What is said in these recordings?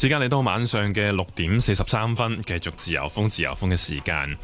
時間嚟到晚上嘅六點四十三分，繼續自由風自由風嘅時間。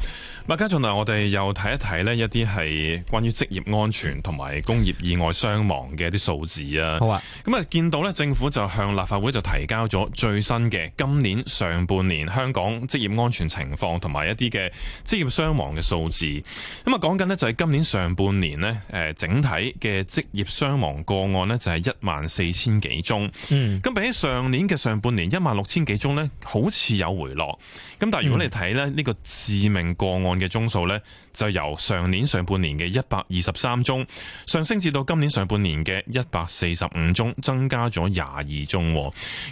大家仲嚟，我哋又睇一睇呢一啲係關於職業安全同埋工業意外傷亡嘅一啲數字啊。好啊，咁啊見到呢，政府就向立法會就提交咗最新嘅今年上半年香港職業安全情況同埋一啲嘅職業傷亡嘅數字。咁啊講緊呢就係今年上半年呢，誒整體嘅職業傷亡個案呢，就係一萬四千幾宗。咁、嗯、比起上年嘅上半年一。萬六千幾宗呢，好似有回落。咁但係，如果你睇呢呢個致命個案嘅宗數呢，就由上年上半年嘅一百二十三宗，上升至到今年上半年嘅一百四十五宗，增加咗廿二宗。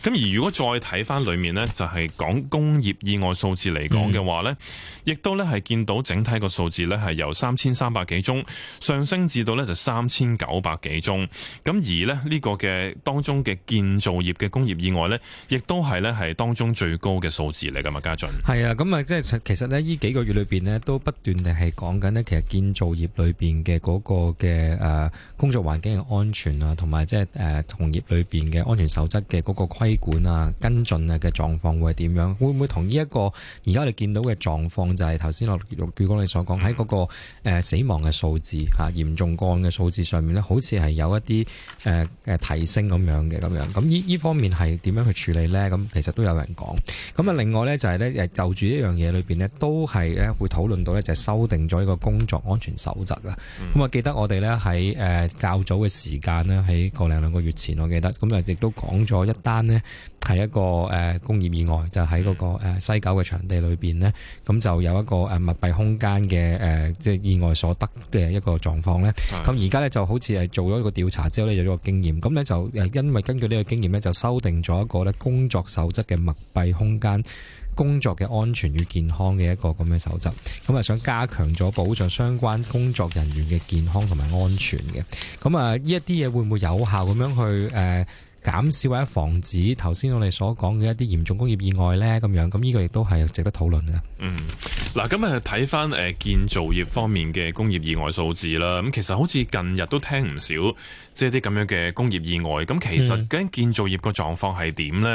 咁而如果再睇翻裏面呢，就係講工業意外數字嚟講嘅話呢，亦都呢係見到整體個數字呢，係由三千三百幾宗上升至到呢就三千九百幾宗。咁而呢呢個嘅當中嘅建造業嘅工業意外呢，亦都係咧，係當中最高嘅數字嚟噶嘛，家俊。係啊，咁啊，即係其實呢依幾個月裏邊呢，都不斷地係講緊呢。其實建造業裏邊嘅嗰個嘅誒工作環境嘅安全啊，同埋即係誒同業裏邊嘅安全守則嘅嗰個規管啊、跟進啊嘅狀況會係點樣？會唔會同呢一個而家你哋見到嘅狀況，就係頭先陸陸居哥你所講喺嗰個誒死亡嘅數字吓、嚴、嗯、重個案嘅數字上面呢，好似係有一啲誒誒提升咁樣嘅，咁樣咁呢方面係點樣去處理呢？咁其實都有人講，咁啊另外呢，就係呢，就住一樣嘢裏邊呢，都係呢會討論到呢，就係修訂咗一個工作安全守則啊。咁、嗯、啊記得我哋呢，喺誒較早嘅時間呢，喺個零兩個月前，我記得咁啊亦都講咗一單呢。係一個誒工業意外，就喺、是、嗰個誒西九嘅場地裏邊呢，咁就有一個誒密閉空間嘅誒即係意外所得嘅一個狀況呢，咁而家呢，就好似係做咗一個調查之後呢，有咗個經驗，咁呢，就因為根據呢個經驗呢，就修訂咗一個呢工作守則嘅密閉空間工作嘅安全與健康嘅一個咁嘅守則，咁啊想加強咗保障相關工作人員嘅健康同埋安全嘅。咁啊呢一啲嘢會唔會有效咁樣去誒？呃減少或者防止頭先我哋所講嘅一啲嚴重工業意外咧，咁樣咁呢、這個亦都係值得討論嘅。嗯，嗱，今日睇翻誒建造業方面嘅工業意外數字啦。咁其實好似近日都聽唔少即係啲咁樣嘅工業意外。咁其實究竟建造業個狀況係點咧？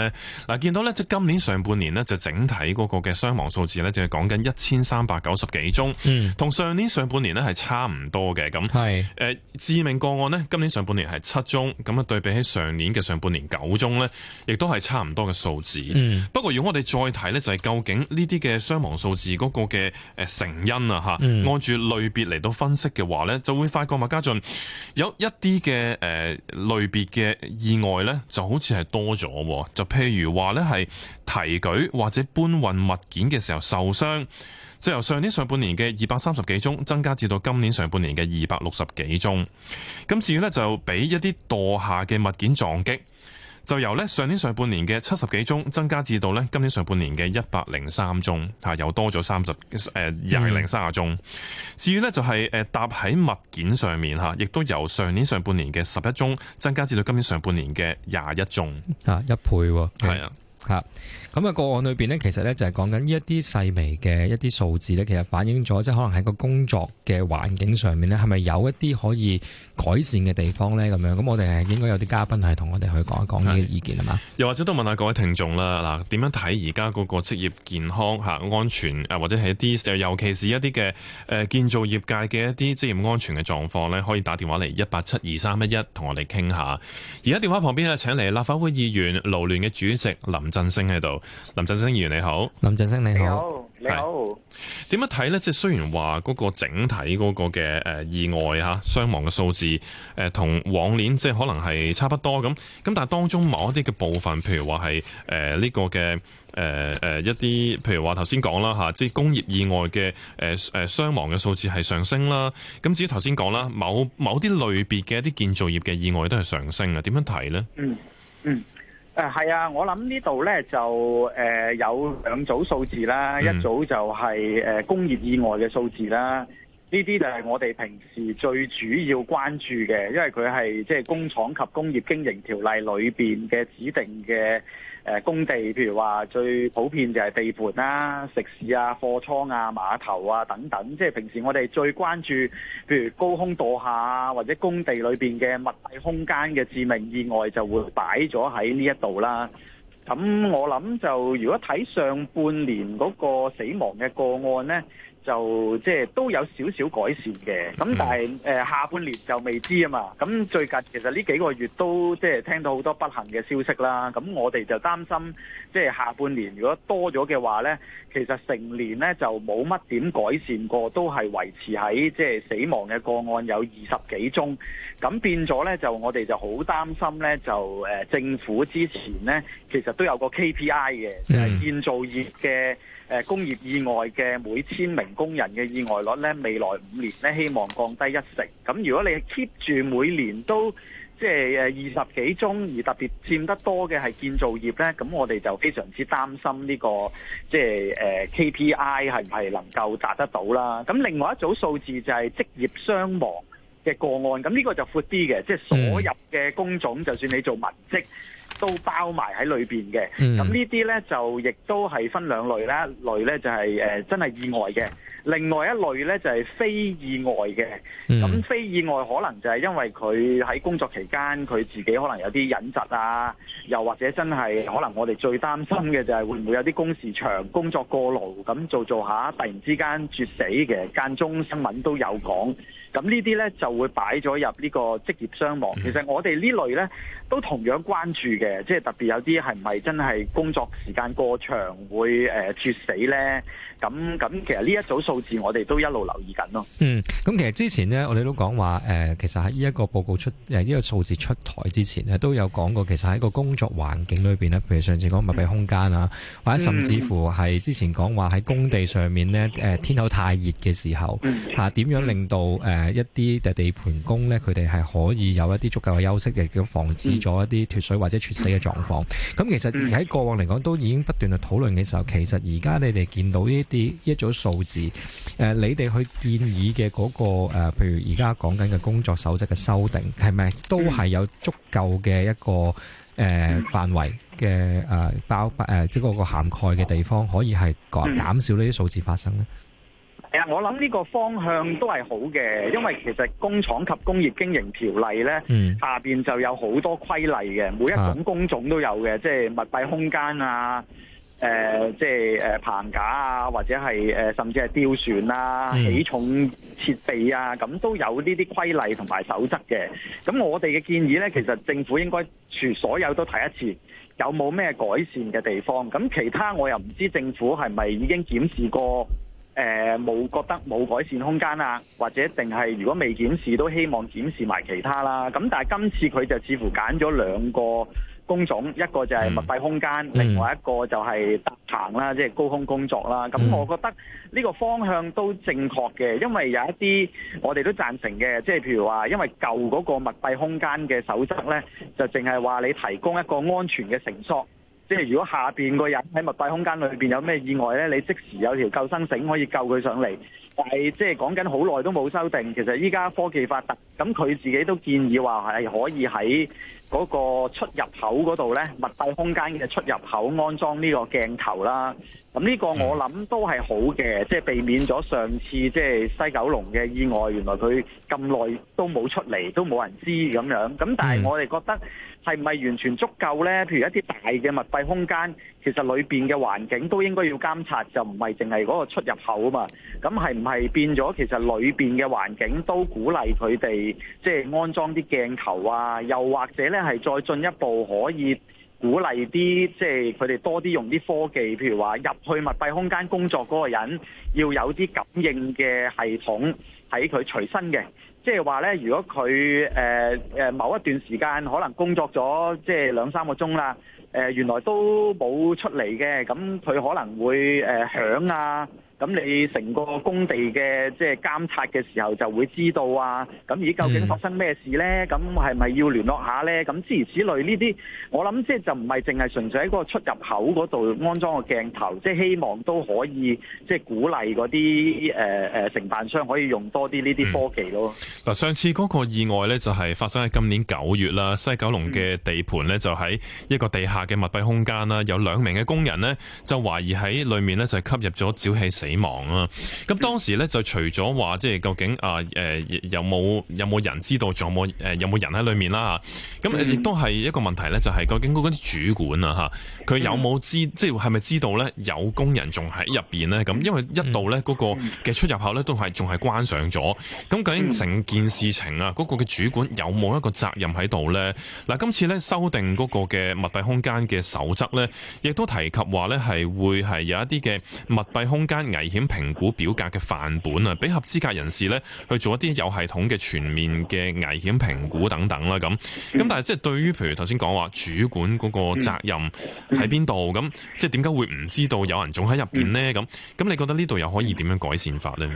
嗱、嗯，見到咧，就今年上半年呢，就整體嗰個嘅傷亡數字呢，就係講緊一千三百九十幾宗，同、嗯、上年上半年呢係差唔多嘅。咁係誒致命個案呢，今年上半年係七宗，咁啊對比起上年嘅上。半年九宗呢，亦都係差唔多嘅數字，嗯。不過，如果我哋再睇呢，就係、是、究竟呢啲嘅傷亡數字嗰個嘅誒成因啊吓、嗯，按住類別嚟到分析嘅話呢，就會發覺麥家俊有一啲嘅誒類別嘅意外呢，就好似係多咗。就譬如話呢，係提舉或者搬運物件嘅時候受傷，就由上年上半年嘅二百三十幾宗，增加至到今年上半年嘅二百六十幾宗。咁至於呢，就俾一啲墮下嘅物件撞擊。就由咧上年上半年嘅七十幾宗增加至到咧今年上半年嘅一百零三宗，吓又多咗三十誒廿零三十宗。至於咧就係誒搭喺物件上面吓，亦都由上年上半年嘅十一宗增加至到今年上半年嘅廿一宗，吓啊，一倍喎，係啊。吓咁啊，個案裏邊呢，其實呢，就係講緊呢一啲細微嘅一啲數字呢，其實反映咗即係可能喺個工作嘅環境上面呢，係咪有一啲可以改善嘅地方呢？咁樣，咁我哋係應該有啲嘉賓係同我哋去講一講呢啲意見啊嘛。又或者都問下各位聽眾啦，嗱，點樣睇而家嗰個職業健康吓安全啊？或者係一啲尤其是一啲嘅誒建造業界嘅一啲職業安全嘅狀況呢？可以打電話嚟一八七二三一一同我哋傾下。而家電話旁邊啊，請嚟立法會議員勞聯嘅主席林。林振昇喺度，林振昇議員你好，林振昇，你好，你好，點樣睇呢？即係雖然話嗰個整體嗰個嘅誒意外吓傷亡嘅數字誒，同往年即係可能係差不多咁，咁但係當中某一啲嘅部分，譬如話係誒呢個嘅誒誒一啲，譬如話頭先講啦吓，即係工業意外嘅誒誒傷亡嘅數字係上升啦。咁至於頭先講啦，某某啲類別嘅一啲建造業嘅意外都係上升啊，點樣睇呢？嗯嗯。誒，係啊，我諗呢度呢就誒、呃、有兩組數字啦，mm. 一組就係、是、誒、呃、工業意外嘅數字啦，呢啲就係我哋平時最主要關注嘅，因為佢係即係工廠及工業經營條例裏邊嘅指定嘅。誒，工地，譬如話最普遍就係地盤啦、食肆啊、貨倉啊、碼頭啊等等，即係平時我哋最關注，譬如高空墮下啊，或者工地裏面嘅密閉空間嘅致命意外就會擺咗喺呢一度啦。咁我諗就如果睇上半年嗰個死亡嘅個案呢。就即係、就是、都有少少改善嘅，咁但係誒、呃、下半年就未知啊嘛。咁最近其實呢幾個月都即係、就是、聽到好多不幸嘅消息啦。咁我哋就擔心，即、就、係、是、下半年如果多咗嘅話咧，其實成年咧就冇乜點改善過，都係維持喺即係死亡嘅個案有二十幾宗。咁變咗咧就我哋就好擔心咧就誒、呃、政府之前咧其實都有個 KPI 嘅，係、就是、建造業嘅誒、呃、工業意外嘅每千名。工人嘅意外率咧，未來五年咧希望降低一成。咁如果你 keep 住每年都即係誒二十幾宗，而特別佔得多嘅係建造業咧，咁我哋就非常之擔心呢、這個即係誒、呃、KPI 係唔係能夠達得到啦。咁另外一組數字就係職業傷亡嘅個案，咁呢個就闊啲嘅，即係所有嘅工種，就算你做文職。都包埋喺裏邊嘅，咁呢啲呢，就亦都係分兩類啦。一類呢、就係，就、呃、係真係意外嘅，另外一類呢，就係非意外嘅。咁非意外可能就係因為佢喺工作期間佢自己可能有啲隱疾啊，又或者真係可能我哋最擔心嘅就係會唔會有啲工時長、工作過勞咁做做下突然之間猝死嘅，間中新聞都有講。咁呢啲咧就會擺咗入呢個職業傷亡。其實我哋呢類咧都同樣關注嘅，即係特別有啲係唔係真係工作時間過長會誒猝、呃、死咧？咁咁其實呢一組數字我哋都一路留意緊咯。嗯，咁其實之前咧我哋都講話、呃、其實喺呢一個報告出呢、呃呢個數字出台之前咧，都有講過其實喺個工作環境裏面咧，譬如上次講密閉空間啊、嗯，或者甚至乎係之前講話喺工地上面咧、呃、天口太熱嘅時候點、啊、樣令到、呃誒、啊，一啲地地盤工咧，佢哋係可以有一啲足夠嘅休息嘅，叫防止咗一啲脫水或者猝死嘅狀況。咁其實喺過往嚟講，都已經不斷去討論嘅時候，其實而家你哋見到呢啲一組數字，誒、啊，你哋去建議嘅嗰、那個誒、啊，譬如而家講緊嘅工作守則嘅修訂，係咪都係有足夠嘅一個誒範圍嘅誒包誒，即、啊、嗰、就是、個涵蓋嘅地方，可以係減少呢啲數字發生呢？我諗呢個方向都係好嘅，因為其實工廠及工業經營條例呢，下面就有好多規例嘅，每一種工種都有嘅，即係密閉空間啊，誒、呃，即係棚架啊，或者係甚至係吊船啊、起重設備啊，咁都有呢啲規例同埋守則嘅。咁我哋嘅建議呢，其實政府應該除所有都睇一次，有冇咩改善嘅地方？咁其他我又唔知政府係咪已經檢視過。誒、呃、冇覺得冇改善空間啊，或者定係如果未檢視都希望檢視埋其他啦。咁但係今次佢就似乎揀咗兩個工種，一個就係密閉空間，另外一個就係搭棚啦，即係高空工作啦。咁我覺得呢個方向都正確嘅，因為有一啲我哋都贊成嘅，即係譬如話，因為舊嗰個密閉空間嘅守則呢，就淨係話你提供一個安全嘅繩索。即係如果下邊個人喺密閉空間裏面有咩意外咧，你即時有條救生繩可以救佢上嚟。但係即係講緊好耐都冇修訂，其實依家科技發達，咁佢自己都建議話係可以喺嗰個出入口嗰度咧，密閉空間嘅出入口安裝呢個鏡頭啦。咁呢個我諗都係好嘅，即係避免咗上次即係西九龍嘅意外。原來佢咁耐都冇出嚟，都冇人知咁樣。咁但係我哋覺得係唔係完全足夠呢？譬如一啲大嘅密閉空間，其實裏邊嘅環境都應該要監察，就唔係淨係嗰個出入口啊嘛。咁係唔係變咗其實裏邊嘅環境都鼓勵佢哋即係安裝啲鏡頭啊？又或者呢係再進一步可以？鼓勵啲即係佢哋多啲用啲科技，譬如話入去密閉空間工作嗰個人要有啲感應嘅系統喺佢隨身嘅，即係話呢，如果佢誒、呃、某一段時間可能工作咗即係兩三個鐘啦、呃，原來都冇出嚟嘅，咁佢可能會、呃、響啊。咁你成個工地嘅，即係監察嘅時候就會知道啊！咁而究竟發生咩事咧？咁係咪要聯絡下咧？咁諸如此類呢啲，我諗即係就唔係淨係純粹喺個出入口嗰度安裝個鏡頭，即係希望都可以即係鼓勵嗰啲誒誒承辦商可以用多啲呢啲科技咯。嗱、嗯，上次嗰個意外咧就係發生喺今年九月啦，西九龍嘅地盤咧就喺一個地下嘅密閉空間啦，有兩名嘅工人咧就懷疑喺裏面咧就吸入咗沼氣死，死亡啦！咁當時咧就除咗話，即係究竟啊誒有冇有冇人知道仲有冇誒有冇人喺裡面啦，咁亦都係一個問題咧，就係究竟嗰啲主管啊嚇，佢有冇知即係係咪知道咧有工人仲喺入邊呢？咁因為一度咧嗰個嘅出入口咧都係仲係關上咗。咁究竟成件事情啊嗰個嘅主管有冇一個責任喺度咧？嗱，今次咧修訂嗰個嘅密閉空間嘅守則咧，亦都提及話咧係會係有一啲嘅密閉空間危險評估表格嘅範本啊，俾合資格人士呢去做一啲有系統嘅全面嘅危險評估等等啦，咁咁但係即係對於譬如頭先講話主管嗰個責任喺邊度，咁即係點解會唔知道有人仲喺入邊呢？咁咁你覺得呢度又可以點樣改善法呢？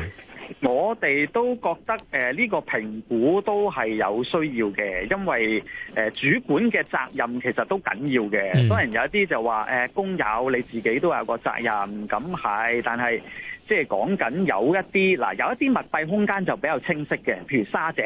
我哋都覺得誒呢、呃這個評估都係有需要嘅，因為誒、呃、主管嘅責任其實都緊要嘅、嗯。當然有啲就話誒、呃、工友你自己都有個責任咁係，但係即係講緊有一啲嗱、呃，有一啲密閉空間就比較清晰嘅，譬如沙井，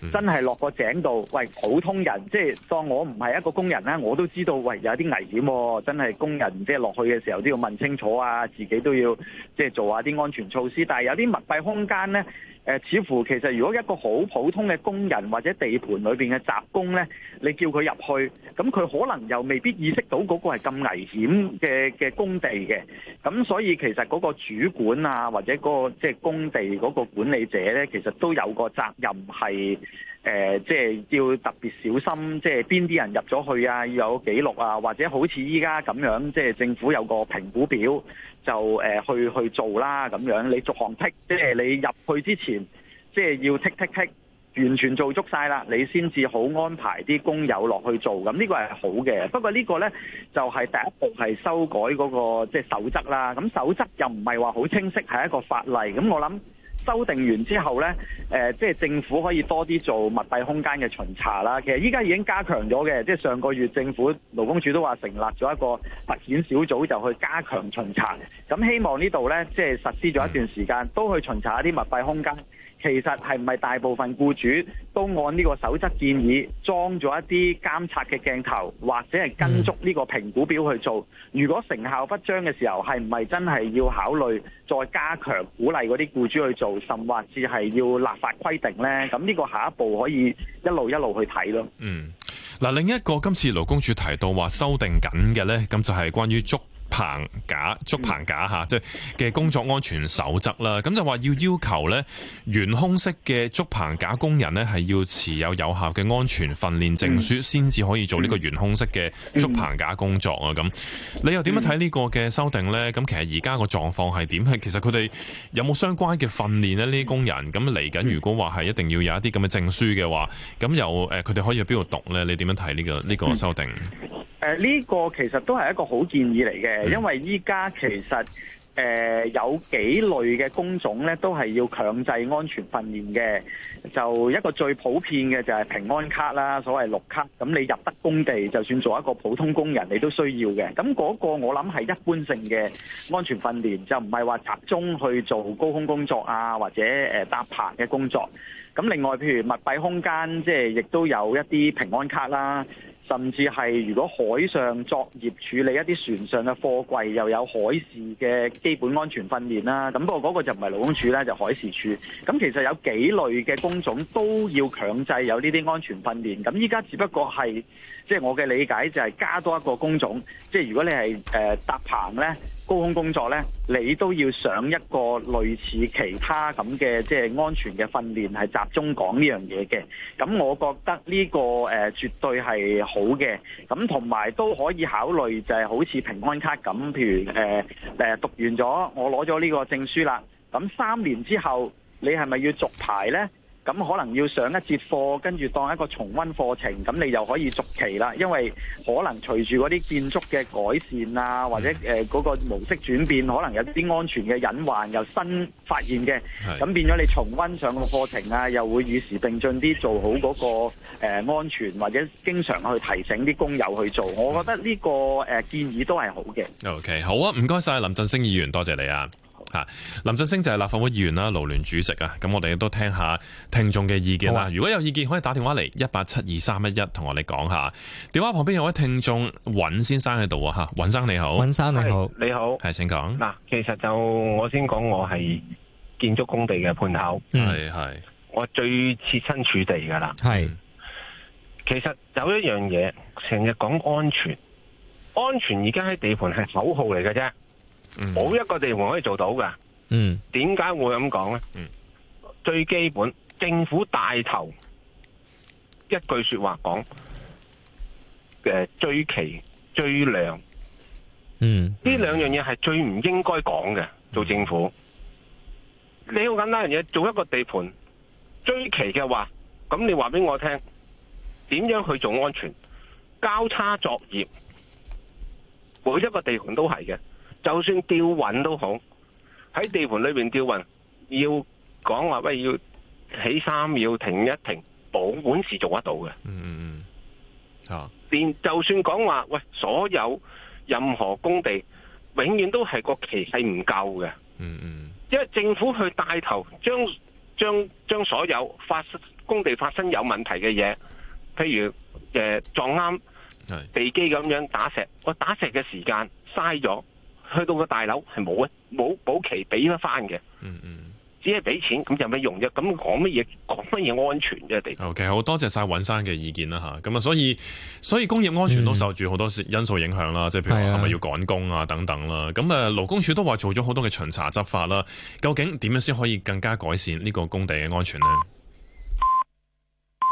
嗯、真係落個井度，喂，普通人即係當我唔係一個工人咧，我都知道喂有啲危險、哦，真係工人即係落去嘅時候都要問清楚啊，自己都要即係做下啲安全措施。但係有啲密閉空空間咧，誒、呃、似乎其實如果一個好普通嘅工人或者地盤裏邊嘅雜工呢，你叫佢入去，咁佢可能又未必意識到嗰個係咁危險嘅嘅工地嘅，咁所以其實嗰個主管啊，或者嗰、嗰個即係、就是、工地嗰個管理者呢，其實都有個責任係。誒，即係要特別小心，即係邊啲人入咗去啊？要有記錄啊，或者好似依家咁樣，即係政府有個評估表，就誒去去做啦咁樣。你逐項剔，即係你入去之前，即係要剔剔剔，完全做足晒啦，你先至好安排啲工友落去做。咁呢個係好嘅。不過呢個呢，就係第一步係修改嗰個即係守則啦。咁守則又唔係話好清晰，係一個法例。咁我諗。修訂完之後呢，誒即係政府可以多啲做密閉空間嘅巡查啦。其實依家已經加強咗嘅，即係上個月政府勞工處都話成立咗一個特遣小組，就去加強巡查。咁希望呢度呢，即係實施咗一段時間，都去巡查一啲密閉空間。其實係唔係大部分僱主都按呢個守則建議裝咗一啲監察嘅鏡頭，或者係跟足呢個評估表去做？如果成效不彰嘅時候，係唔係真係要考慮再加強鼓勵嗰啲僱主去做，甚或是係要立法規定呢？咁呢個下一步可以一路一路去睇咯。嗯，嗱，另一個今次勞工處提到話修訂緊嘅呢，咁就係關於捉。棚架、竹棚架嚇，即係嘅工作安全守則啦。咁就話要要求呢，懸空式嘅竹棚架工人呢，係要持有有效嘅安全訓練證書，先至可以做呢個懸空式嘅竹棚架工作啊。咁你又點樣睇呢個嘅修訂呢？咁其實而家個狀況係點？係其實佢哋有冇相關嘅訓練呢？呢啲工人咁嚟緊，如果話係一定要有一啲咁嘅證書嘅話，咁又誒佢哋可以去邊度讀呢？你點樣睇呢個呢個修訂？誒，呢個其實都係一個好建議嚟嘅，因為依家其實誒、呃、有幾類嘅工種咧，都係要強制安全訓練嘅。就一個最普遍嘅就係平安卡啦，所謂綠卡，咁你入得工地，就算做一個普通工人，你都需要嘅。咁嗰個我諗係一般性嘅安全訓練，就唔係話集中去做高空工作啊，或者誒搭棚嘅工作。咁另外，譬如密閉空間，即係亦都有一啲平安卡啦。甚至係如果海上作業處理一啲船上嘅貨櫃，又有海事嘅基本安全訓練啦。咁不過嗰個就唔係勞工處啦，就海事處。咁其實有幾類嘅工種都要強制有呢啲安全訓練。咁依家只不過係即係我嘅理解就係加多一個工種。即係如果你係誒搭棚咧，呃高空工作呢，你都要上一個類似其他咁嘅即係安全嘅訓練，係集中講呢樣嘢嘅。咁我覺得呢、呢個誒、呃、絕對係好嘅。咁同埋都可以考慮就係、好似平安卡咁，譬如誒、呃、讀完咗，我攞咗呢個證書啦。咁三年之後，你係咪要續牌呢？咁可能要上一節課，跟住當一個重溫課程，咁你又可以續期啦。因為可能隨住嗰啲建築嘅改善啊，或者誒嗰個模式轉變，可能有啲安全嘅隱患又新發現嘅，咁變咗你重溫上個課程啊，又會與時並進啲做好嗰個誒安全，或者經常去提醒啲工友去做。我覺得呢個誒建議都係好嘅。OK，好啊，唔該晒林振昇議員，多謝你啊。林振昇就係立法會議員啦，勞聯主席啊，咁我哋都聽下聽眾嘅意見啦、哦。如果有意見，可以打電話嚟，一八七二三一一，同我哋講下。電話旁邊有位聽眾尹先生喺度啊，吓，尹生你好，尹生你好，你好，係、hey, 請講。嗱，其實就我先講，我係建築工地嘅判頭，係、嗯、係，我最切身處地噶啦，係。其實有一樣嘢，成日講安全，安全現在在，而家喺地盤係口號嚟嘅啫。冇一個地盤可以做到嘅。嗯，點解會咁講咧？最基本，政府帶頭一句話說話講，嘅、呃「追期追量，嗯，呢兩樣嘢係最唔應該講嘅。做政府，你、嗯、好、這個、簡單樣嘢，做一個地盤追期嘅話，咁你話俾我聽，點樣去做安全？交叉作業，每一個地盤都係嘅。就算吊運都好，喺地盤裏邊吊運，要講話喂，要起三要停一停，保管事做得到嘅。嗯嗯嗯、啊，連就算講話喂，所有任何工地永遠都係個期係唔夠嘅。嗯嗯，因為政府去帶頭將將將所有發工地發生有問題嘅嘢，譬如誒、呃、撞啱地基咁樣打石，我打石嘅時間嘥咗。去到個大樓係冇嘅，冇保期俾得翻嘅。嗯嗯，只係俾錢，咁有咩用啫？咁講乜嘢？講乜嘢安全嘅地方？OK，好多謝晒尹生嘅意見啦嚇。咁啊，所以所以工業安全都受住好多因素影響啦。即、嗯、係譬如話係咪要趕工啊等等啦。咁啊，勞工處都話做咗好多嘅巡查執法啦。究竟點樣先可以更加改善呢個工地嘅安全咧？